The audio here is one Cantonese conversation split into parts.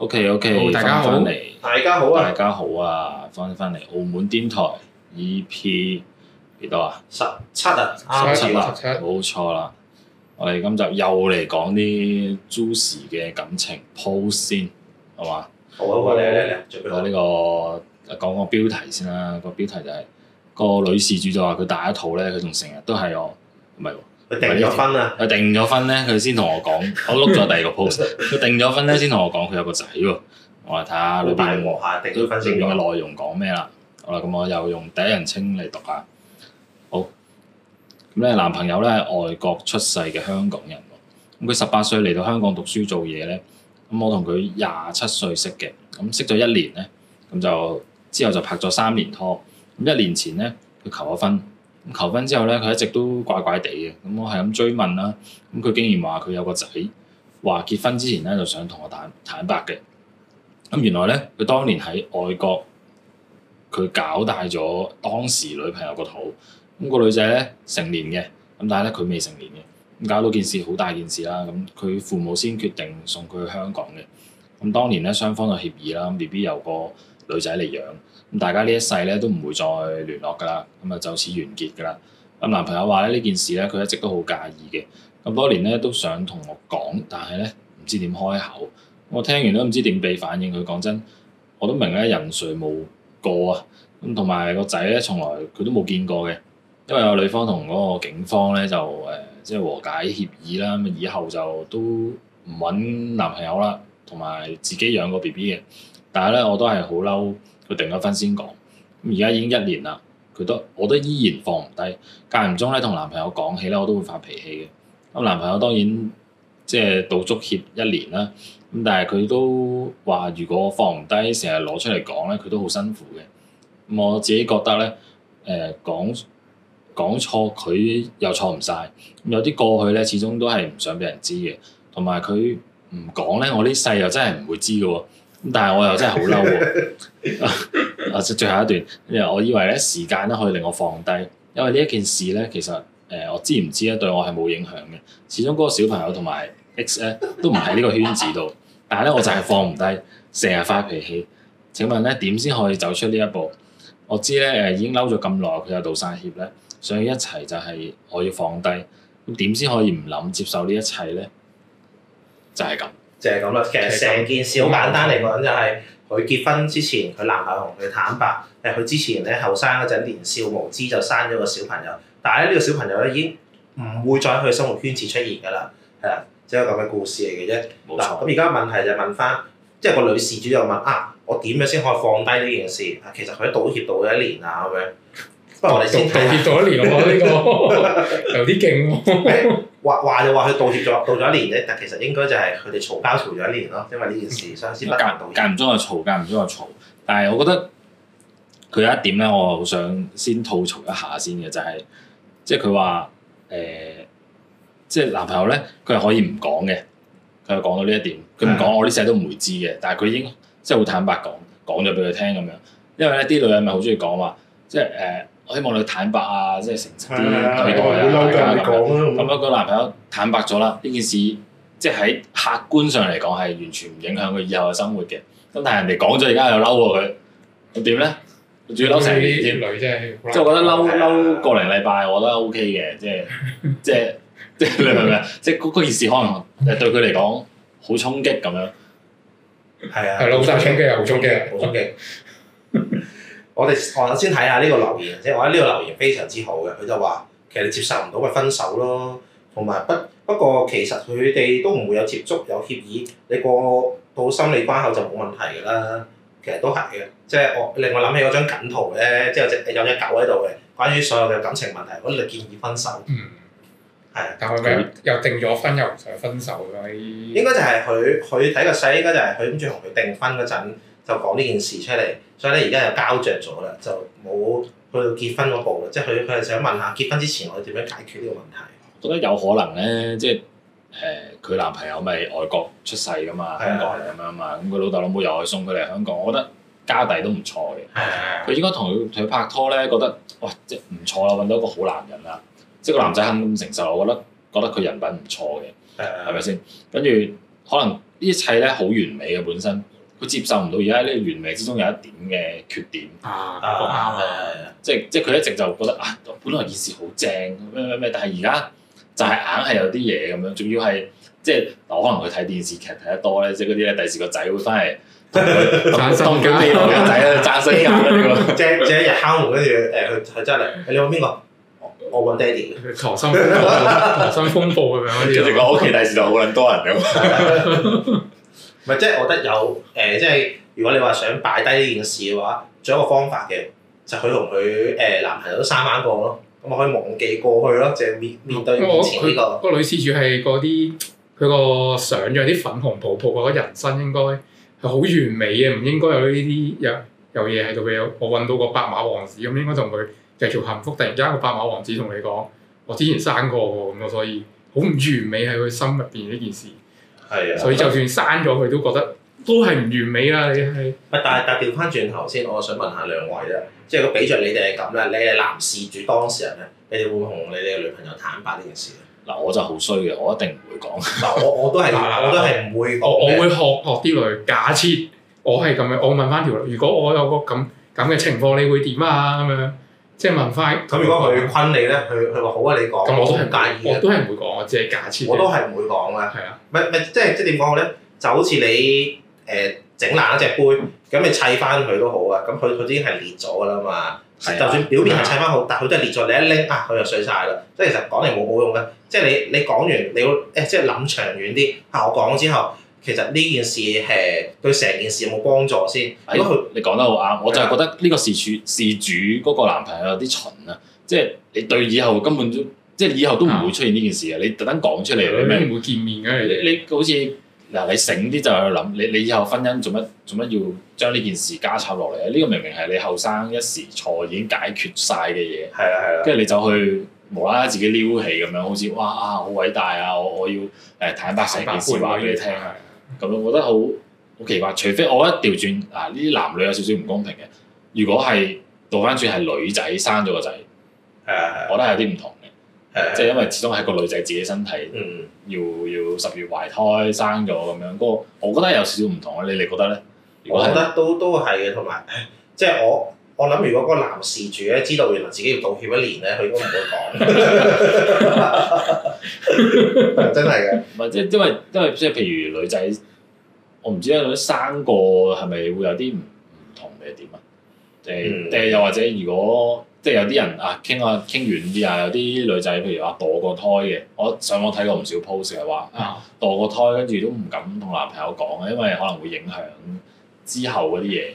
O K O K，大家好，大家好啊，大家好啊，翻翻嚟，澳門電台 E P 幾多啊？十七啊，十七啦，冇錯啦。我哋今集又嚟講啲 juice 嘅感情鋪先，好嘛？好啊，嚟嚟嚟，我呢個講個標題先啦。個標題就係個女事主就話佢大一套咧，佢仲成日都係我，唔係佢訂咗婚啊？佢訂咗婚咧，佢先同我講， 我碌咗第二個 post。佢訂咗婚咧，先同我講佢有個仔喎。我話睇下我下，訂咗婚嘅內容講咩啦。好啦，咁我又用第一人稱嚟讀下。好咁咧，男朋友咧係外國出世嘅香港人喎。咁佢十八歲嚟到香港讀書做嘢咧。咁我同佢廿七歲識嘅。咁識咗一年咧，咁就之後就拍咗三年拖。咁一年前咧，佢求咗婚。求婚之後咧，佢一直都怪怪地嘅，咁我係咁追問啦，咁佢竟然話佢有個仔，話結婚之前咧就想同我坦坦白嘅，咁原來咧佢當年喺外國，佢搞大咗當時女朋友個肚，咁個女仔咧成年嘅，咁但係咧佢未成年嘅，咁搞到件事好大件事啦，咁佢父母先決定送佢去香港嘅，咁當年咧雙方就協議啦，B B 有個。女仔嚟養，咁大家呢一世咧都唔會再聯絡㗎啦，咁啊就此完結㗎啦。咁男朋友話咧呢件事咧，佢一直都好介意嘅，咁多年咧都想同我講，但係咧唔知點開口。我聽完都唔知點俾反應佢，講真，我都明咧人誰無過啊，咁同埋個仔咧從來佢都冇見過嘅，因為有女方同嗰個警方咧就誒、呃、即係和解協議啦，咁以後就都唔揾男朋友啦，同埋自己養個 B B 嘅。但係咧，我都係好嬲，佢定咗婚先講。咁而家已經一年啦，佢都我都依然放唔低。間唔中咧，同男朋友講起咧，我都會發脾氣嘅。咁男朋友當然即係道足歉一年啦。咁但係佢都話，如果放唔低，成日攞出嚟講咧，佢都好辛苦嘅。咁我自己覺得咧，誒、呃、講講錯佢又錯唔晒。有啲過去咧，始終都係唔想俾人知嘅。同埋佢唔講咧，我呢世又真係唔會知嘅喎。但係我又真係好嬲喎！最 最後一段，因為我以為咧時間咧可以令我放低，因為呢一件事咧其實誒、呃、我知唔知咧對我係冇影響嘅。始終嗰個小朋友同埋 X 咧都唔喺呢個圈子度，但係咧我就係放唔低，成日發脾氣。請問咧點先可以走出呢一步？我知咧誒已經嬲咗咁耐，佢有道晒歉咧，想要一齊就係可以放低。咁點先可以唔諗接受呢一切咧？就係、是、咁。就係咁啦，其實成件事好簡單嚟講，就係佢結婚之前，佢男朋友同佢坦白，誒佢之前咧後生嗰陣年少無知就生咗個小朋友，但係咧呢個小朋友咧已經唔會再去生活圈子出現㗎啦，係啊，只係咁嘅故事嚟嘅啫。冇錯。咁而家問題就問翻，即係個女事主又問啊，我點樣先可以放低呢件事？啊，其實佢道歉道到一年啊咁樣。不過我哋先看看道，道歉咗一年喎、喔，呢、這個 有啲勁喎。誒話就話佢道歉咗，道咗一年咧。但其實應該就係佢哋嘈交嘈咗一年咯，因為呢件事。相間間唔中就嘈，間唔中就嘈。但係我覺得佢有一點咧，我好想先吐槽一下先嘅，就係即係佢話誒，即係男朋友咧，佢係可以唔講嘅。佢就講到呢一點，佢唔講，我呢世都唔會知嘅。但係佢已經即係好坦白講，講咗俾佢聽咁樣。因為咧，啲女人咪好中意講話，即係誒。我希望你坦白啊，即係誠實啲對待啊。咁樣個男朋友坦白咗啦，呢件事即係喺客觀上嚟講係完全唔影響佢以後嘅生活嘅。咁但係人哋講咗，而家又嬲過佢，咁點咧？佢仲要嬲成年添。即係我覺得嬲嬲個零禮拜，我覺得 OK 嘅。即係即係即係你明唔明？即係嗰件事可能對佢嚟講好衝擊咁樣。係啊，係咯好衝擊啊，好衝擊啊，好衝擊。我哋我先睇下呢個留言即係，我覺得呢個留言非常之好嘅，佢就話其實你接受唔到咪分手咯，同埋不不過其實佢哋都唔會有接觸有協議，你過到心理關口就冇問題㗎啦。其實都係嘅，即係我令我諗起嗰張梗圖咧，即係有隻有隻狗喺度嘅，關於所有嘅感情問題，我哋建議分手。嗯。係是，但係佢又定咗婚又唔想分手啦？應該就係佢佢睇個勢，應該就係佢諗住同佢訂婚嗰陣，就講呢件事出嚟，所以咧，而家又交着咗啦，就冇去到結婚嗰步啦。即係佢佢係想問下結婚之前我哋點樣解決呢個問題？覺得有可能咧，即係誒佢男朋友咪外國出世噶嘛，香港人咁樣嘛，咁佢老豆老母又去送佢嚟香港，我覺得家底都唔錯嘅。佢的應該同佢同佢拍拖咧，覺得嘩即係唔錯啦，揾到一個好男人啦。嗯、即係個男仔肯咁承受，我覺得覺得佢人品唔錯嘅，係咪先？跟住的可能呢一切咧好完美嘅本身。佢接受唔到而家呢原味之中有一點嘅缺點，好啱嘅，即係即係佢一直就覺得啊，本來電視好正，咩咩咩，但係而家就係硬係有啲嘢咁樣，仲要係即係可能佢睇電視劇睇得多咧，即係嗰啲咧，第時個仔會翻嚟，當當你啲，當緊仔咧，爭聲嘅，即即係一日敲門跟住誒，佢佢真嚟，你揾邊個？我揾爹哋，溏心風暴，溏心風暴咁樣嗰啲，其實講 O K，第時就好撚多人嘅。唔係，即係我覺得有誒、呃，即係如果你話想擺低呢件事嘅話，仲有一個方法嘅，就佢同佢誒男朋友都生翻過咯，咁可以忘記過去咯，淨係面面對面我前呢個。個女事主係嗰啲，佢個相有啲粉紅泡泡啊，個人生應該係好完美嘅，唔應該有呢啲有有嘢喺度嘅。我揾到個白馬王子咁，應該同佢繼續幸福。突然間個白馬王子同你講，我之前生過喎，咁所以好唔完美喺佢心入邊呢件事。係啊，所以就算刪咗佢都覺得都係唔完美啦。你係，唔但係但係調翻轉頭先，我想問下兩位啫，即係如果俾著你哋係咁咧，你係男事主當事人咧，你哋會唔會同你哋嘅女朋友坦白呢件事？嗱，我就好衰嘅，我一定唔會講。嗱， 我我都係，我都係唔會 我我會學學啲女。假設，我係咁樣。我問翻條女，如果我有個咁咁嘅情況，你會點啊？咁樣。即係問翻，咁、啊、如果佢困你咧，佢佢話好啊，你講我都唔介意，我都係唔會講，只係假設我。我都係唔會講嘅。係啊，唔係唔係，即係即係點講好咧？就好似你誒整爛一隻杯，咁你砌翻佢都好啊。咁佢佢已經係裂咗㗎啦嘛。係啊，就算表面係砌翻好，但係佢都係裂咗。你一拎啊，佢就碎晒啦。即係其實講嚟冇冇用嘅。即係你你講完你要誒，即係諗長遠啲。係啊，我講咗之後。其實呢件事係對成件事有冇幫助先？如果佢你講得好啱，我就係覺得呢個事主事主嗰個男朋友有啲蠢啊！即係你對以後根本即係以後都唔會出現呢件事啊！你特登講出嚟，你咩？唔會見面㗎，你好似嗱你醒啲就去諗，你你以後婚姻做乜做乜要將呢件事加插落嚟啊？呢個明明係你後生一時錯已經解決晒嘅嘢，係啊係啊！跟住你就去無啦啦自己撩起咁樣，好似哇啊好偉大啊！我我要誒坦白成件事話俾你聽。咁我覺得好好奇怪，除非我一調轉啊，呢啲男女有少少唔公平嘅。如果係倒翻轉係女仔生咗個仔，的我覺得有啲唔同嘅，即係的因為始終係個女仔自己身體的要要十月懷胎生咗咁樣，嗰個我覺得有少少唔同啊！你哋覺得咧？我覺得都都係嘅，同埋即係我。我諗如果嗰個男事主咧，知道原來自己要道歉一年咧，佢都唔會講， 真係嘅。唔係即係因為因為即係譬如女仔，我唔知咧生，生過係咪會有啲唔唔同定點啊？誒誒又或者如果即係有啲人啊傾下傾遠啲啊，有啲女仔譬如話墮過胎嘅，我上網睇過唔少 post 係話啊墮過胎跟住都唔敢同男朋友講啊，因為可能會影響之後嗰啲嘢。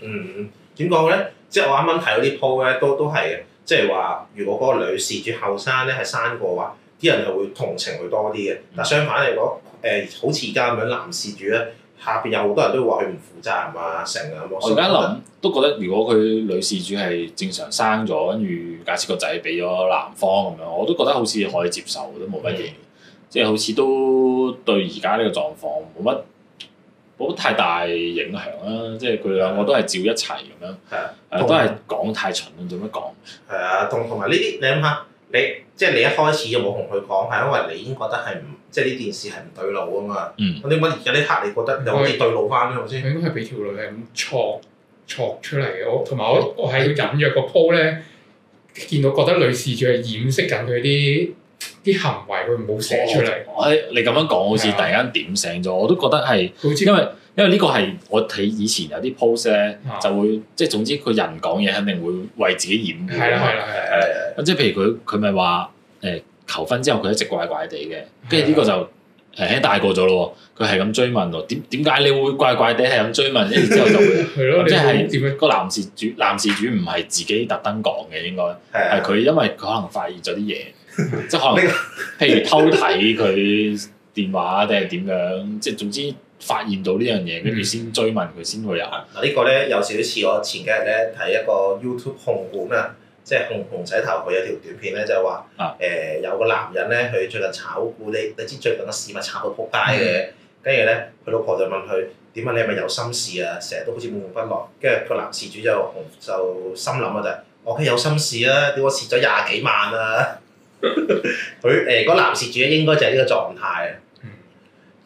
嗯，點講咧？即係我啱啱睇到啲 po 咧，都都係嘅，即係話如果嗰個女事主後生咧係生過嘅話，啲人又會同情佢多啲嘅。嗱、嗯、相反嚟講，誒、呃、好似而家咁樣男事主咧，下邊有好多人都話佢唔負責任啊、成啊咁樣。我而家諗都覺得，如果佢女事主係正常生咗，跟住假設個仔俾咗男方咁樣，我都覺得好似可以接受，都冇乜嘢。即係、嗯、好似都對而家呢個狀況冇乜。冇太大影響啦，即係佢兩個都係照一齊咁樣，係啊的，都係講太蠢，做乜講？係啊，同同埋呢啲你諗下，你，想想你即係你一開始又冇同佢講，係因為你已經覺得係唔即係呢件事係唔對路啊嘛。嗯。咁點解而家呢刻你有有有覺得又、嗯、好似對路翻呢？係咪先？係因為俾條女係咁撮撮出嚟嘅，我同埋我我係要隱約個鋪咧，見到覺得女事主係掩飾緊佢啲。啲行為佢唔好寫出嚟。誒，你咁樣講好似突然間點醒咗，我都覺得係，因為因為呢個係我睇以前有啲 post 咧，就會即係總之個人講嘢肯定會為自己掩護。係啦，係啦，係，咁即係譬如佢佢咪話誒求婚之後佢一直怪怪地嘅，跟住呢個就誒大個咗咯，佢係咁追問咯，點點解你會怪怪地係咁追問？跟住之後就會即係點啊？個男事主男事主唔係自己特登講嘅，應該係佢因為佢可能發現咗啲嘢。 即係可能，譬如偷睇佢電話定係點樣，即係總之發現到呢樣嘢，跟住先追問佢先會有。嗱呢個咧有少少似我前幾日咧睇一個 YouTube 紅館啊，即係紅紅仔頭佢有條短片咧，就話誒有個男人咧，佢最近炒股，你你知最近個市咪炒到撲街嘅，跟住咧佢老婆就問佢點解你係咪有心事啊？成日都好似悶悶不樂。跟住個男事主就就心諗啊，就 OK 有心事啊，點我蝕咗廿幾萬啊！佢誒嗰男事主咧，應該就係呢個狀態啊！嗯、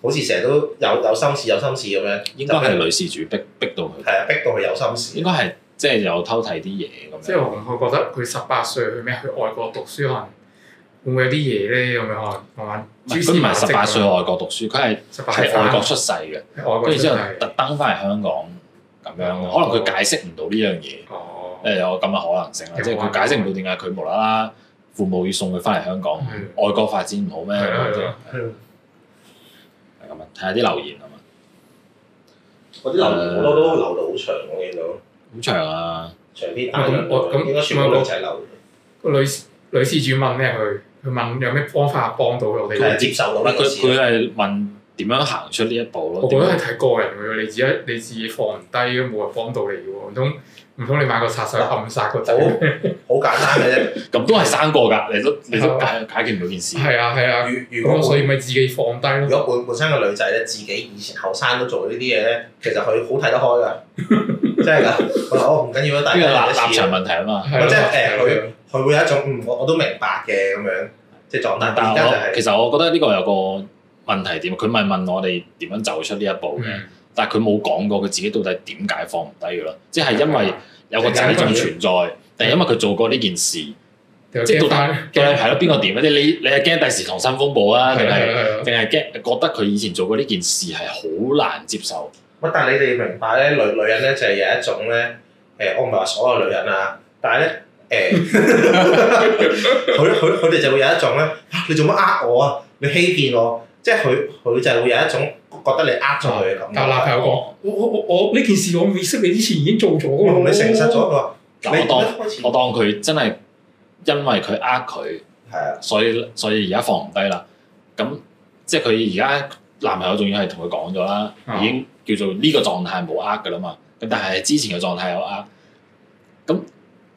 好似成日都有有心事、有心事咁樣。應該係女事主逼逼到佢。係啊，逼到佢有心事。應該係即係有偷睇啲嘢咁樣。即係我覺得佢十八歲去咩？去外國讀書可能會唔會有啲嘢咧咁樣。可能唔係佢唔係十八歲去外國讀書，佢係喺外國出世嘅。喺外國出世，跟住之後特登翻嚟香港咁樣、哦、可能佢解釋唔到呢樣嘢。哦。誒有咁嘅可能性啦，即係佢解釋唔到點解佢無啦啦。父母要送佢翻嚟香港，外國發展唔好咩？係咁啊，睇下啲留言啊嘛。我啲留言好多都留到好長，我見到。好長啊！長啲。咁我咁點解全部都係一齊留？個女女事主問咩？佢佢問有咩方法幫到佢？我哋接受到佢係問點樣行出呢一步咯？我覺得係睇個人嘅，你自己你自己放唔低都冇人幫到你喎，唔通唔通你買個殺手暗殺個仔？好簡單嘅啫，咁都係生過㗎，你都你都解解決唔到件事。係啊係啊，咁所以咪自己放低咯。如果本本身嘅女仔咧，自己以前後生都做呢啲嘢咧，其實佢好睇得開㗎，即係㗎。我唔緊要啦，大家立立場問題啊嘛。即係誒，佢佢會有一種，我我都明白嘅咁樣，即係狀態。但係其實我覺得呢個有個問題點，佢咪問我哋點樣走出呢一步嘅？但係佢冇講過佢自己到底點解放唔低㗎咯？即係因為有個仔仲存在。但係因為佢做過呢件事，即係到底係咯邊個點咧？你你係驚第時溏心風暴啊，定係定係驚覺得佢以前做過呢件事係好難接受。乜？但係你哋明白咧，女女人咧就係有一種咧，誒我唔係話所有女人啊，但係咧誒，佢佢佢哋就會有一種咧，你做乜呃我啊？你欺騙我，即係佢佢就係會有一種覺得你呃咗佢嘅感覺。但係我我我我呢件事我未識你之前已經做咗㗎喎，你誠實咗㗎。我當我當佢真係因為佢呃佢，所以所以而家放唔低啦。咁即係佢而家男朋友仲要係同佢講咗啦，嗯、已經叫做呢個狀態冇呃㗎啦嘛。咁但係之前嘅狀態有呃。咁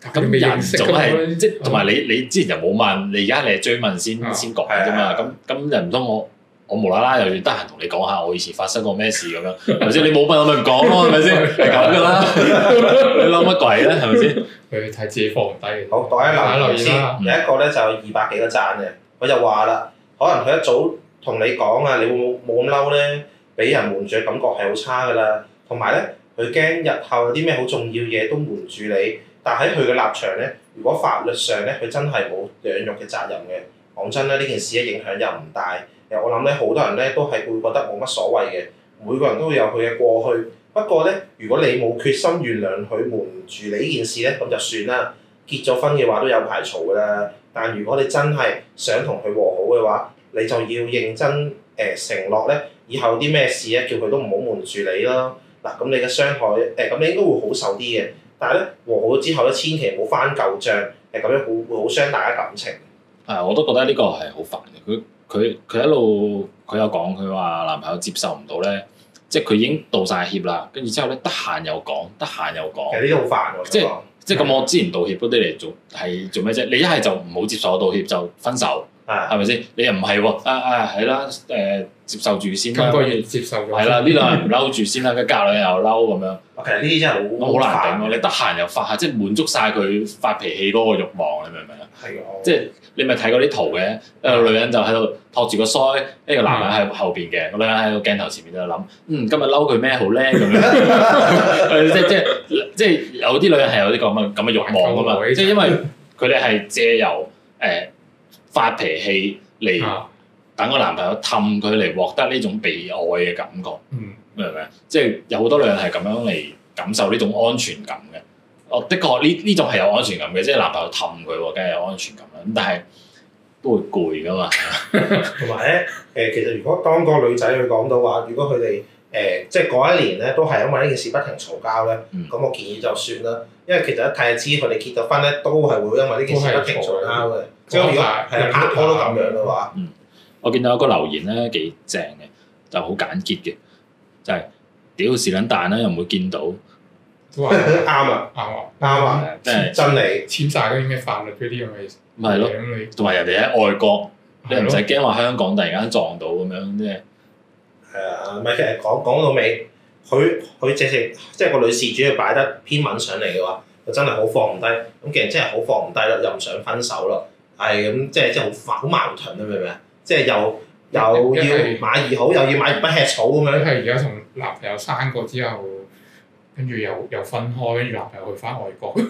咁人總係即同埋你你之前就冇問，你而家你係追問先先講啫嘛。咁咁就唔通我？我無啦啦又要得閒同你講下我以前發生過咩事咁樣，係咪先？你冇問我咪唔講咯，係咪先？係咁噶啦，你嬲乜鬼咧？係咪先？佢睇自己放低。好，我喺留意先。第一個咧就有二百幾個讚嘅，佢就話啦，可能佢一早同你講啊，你會冇咁嬲咧，俾人瞞住嘅感覺係好差噶啦。同埋咧，佢驚日後有啲咩好重要嘢都瞞住你。但喺佢嘅立場咧，如果法律上咧，佢真係冇養育嘅責任嘅。講真咧，呢件事嘅影響又唔大。我諗咧，好多人咧都係會覺得冇乜所謂嘅，每個人都有佢嘅過去。不過咧，如果你冇決心原諒佢，瞞住你呢件事咧，咁就算啦。結咗婚嘅話都有排嘈噶啦。但如果你真係想同佢和好嘅話，你就要認真誒、呃、承諾咧，以後啲咩事咧，叫佢都唔好瞞住你咯。嗱，咁你嘅傷害誒，咁、呃、你應該會好受啲嘅。但係咧，和好之後咧，千祈唔好翻舊帳，誒咁樣好會好傷大家感情。係、啊，我都覺得呢個係好煩嘅。佢佢一路，佢有講，佢話男朋友接受唔到咧，即係佢已經道晒歉啦，跟住之後咧，得閒又講，得閒又講。其實呢個好煩喎。即係即係咁，嗯、我之前道歉嗰啲嚟做係做咩啫？你一係就唔好接受我道歉，就分手。啊，係咪先？你又唔係喎？啊啊，係啦，誒，接受住先啦。咁不如接受咯。係啦，呢兩人唔嬲住先啦，跟住隔兩日又嬲咁樣。其實呢啲真係好難頂咯。你得閒又發下，即係滿足晒佢發脾氣嗰個慾望，你明唔明啊？係啊。即係你咪睇嗰啲圖嘅，誒女人就喺度托住個腮，一個男人喺後邊嘅，個女人喺個鏡頭前面就諗，嗯，今日嬲佢咩好咧咁樣。即即即有啲女人係有啲咁嘅咁嘅慾望啊嘛，即係因為佢哋係借由誒，發脾氣嚟等個男朋友氹佢嚟獲得呢種被愛嘅感覺，嗯、明唔明，即係有好多女人係咁樣嚟感受呢種安全感嘅。哦，的確呢呢種係有安全感嘅，即係男朋友氹佢，梗係有安全感啦。咁但係都會攰噶嘛。同埋咧，誒，其實如果當個女仔去講到話，如果佢哋誒即係嗰一年咧都係因為呢件事不停嘈交咧，咁、嗯、我建議就算啦，因為其實一睇就知佢哋結咗婚咧都係會因為呢件事不停嘈交嘅。即係話係拍拖都咁樣嘅話，嗯，我見到有個留言咧幾正嘅，就好簡潔嘅，就係屌是撚但咧又唔會見到，啱啊啱啊啱啊，真係真理簽晒嗰啲咩法律嗰啲咁嘅意思，唔係咯，同埋人哋喺外國，你唔使驚話香港突然間撞到咁樣，即係係啊，咪係講講到尾，佢佢直情即係個女事主要擺得篇文上嚟嘅話，就真係好放唔低，咁其實真係好放唔低咯，又唔想分手咯。係咁、嗯，即係即係好好矛盾啊！明唔明啊？即係又又要馬兒好，又要馬兒唔吃草咁樣。係而家同男朋友生過之後，跟住又又分開，跟住男朋友去翻外國。誒，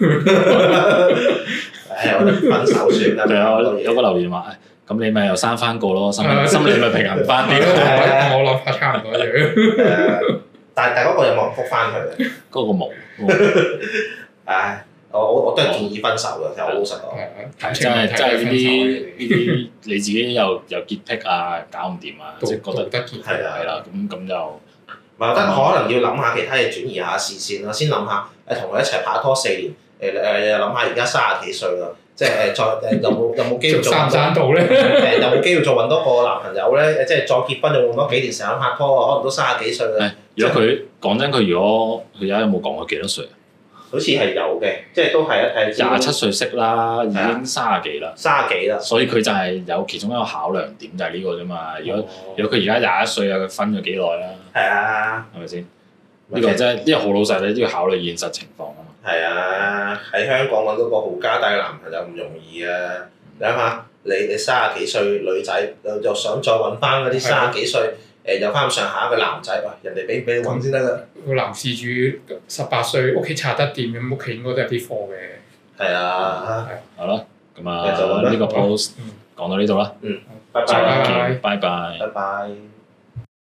我哋分手算啦。仲有 我留言留言話：咁你咪又生翻個咯，心 心裏咪平衡翻啲咯。係啊，我諗差唔多嚟。但但嗰個又有冇覆翻佢啊？嗰個冇。唉。我我都係建議分手嘅，其實我好老實講，係真係真係呢啲呢啲你自己又又潔癖啊，搞唔掂啊，即係覺得係啦，係啦，咁咁又唔係得可能要諗下其他嘢，轉移下視線咯，先諗下誒同佢一齊拍拖四年，誒誒諗下而家卅幾歲啦，即係誒再誒有冇有冇機會做？走三三步咧，誒有冇機會再揾多個男朋友咧？誒即係再結婚又揾多幾年時間拍拖啊，可能都卅幾歲啦。如果佢講真，佢如果佢而家有冇講過幾多歲？好似係有嘅，即係都係一誒廿七歲識啦，啊、已經卅幾啦，卅幾啦，所以佢就係有其中一個考量點就係呢個啫嘛。哦、如果如果佢而家廿一歲啊，佢分咗幾耐啦？係啊 Okay.、就是，係咪先？呢個真係，因為好老實，你都要考慮現實情況啊嘛。係啊，喺香港揾到個豪家大嘅男朋友唔容易啊！你諗下，你你卅幾歲女仔又想再揾翻嗰啲卅幾歲？誒有翻咁上下一個男仔喎，人哋俾唔俾你揾先得㗎。個男事主十八歲，屋企查得掂，咁屋企應該都有啲貨嘅。係啊，係、嗯。好啦，咁啊，呢、嗯、個 post、嗯、講到呢度啦。嗯。拜拜。見拜拜。拜拜。拜拜。